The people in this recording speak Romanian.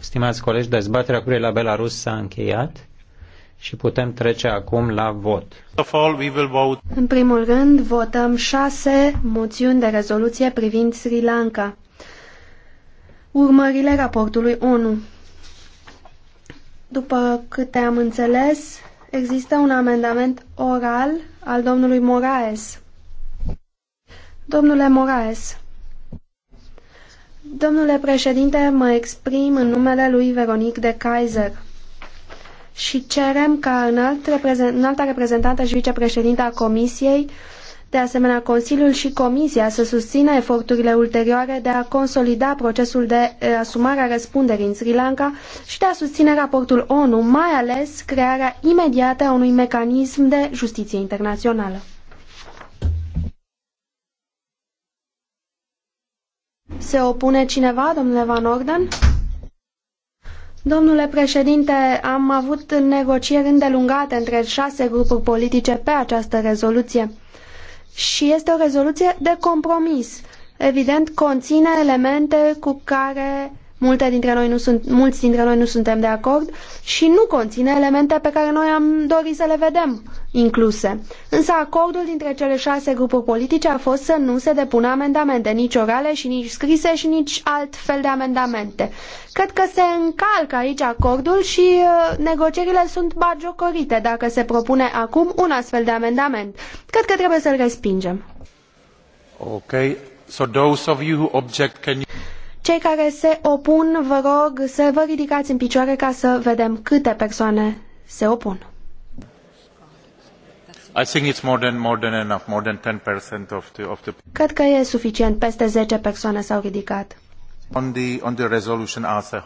Stimați colegi, dezbaterea cu la Belarus s-a încheiat și putem trece acum la vot. În primul rând, votăm șase moțiuni de rezoluție privind Sri Lanka. Urmările raportului ONU. După câte am înțeles, există un amendament oral al domnului Moraes. Domnule Moraes, Domnule președinte, mă exprim în numele lui Veronic de Kaiser și cerem ca înalt reprezent, înalta reprezentantă și vicepreședinte a Comisiei, de asemenea Consiliul și Comisia să susțină eforturile ulterioare de a consolida procesul de eh, asumare a răspunderii în Sri Lanka și de a susține raportul ONU, mai ales crearea imediată a unui mecanism de justiție internațională. Se opune cineva, domnule Van Orden? Domnule președinte, am avut negocieri îndelungate între șase grupuri politice pe această rezoluție și este o rezoluție de compromis. Evident, conține elemente cu care Multe dintre noi nu sunt, mulți dintre noi nu suntem de acord și nu conține elemente pe care noi am dorit să le vedem incluse. Însă acordul dintre cele șase grupuri politice a fost să nu se depună amendamente, nici orale și nici scrise și nici alt fel de amendamente. Cred că se încalcă aici acordul și uh, negocierile sunt bagiocorite dacă se propune acum un astfel de amendament. Cred că trebuie să-l respingem. Okay. So those of you who object, can you... Cei care se opun, vă rog să vă ridicați în picioare ca să vedem câte persoane se opun. Cred că e suficient, peste 10 persoane s-au ridicat. On the, on the resolution as a whole.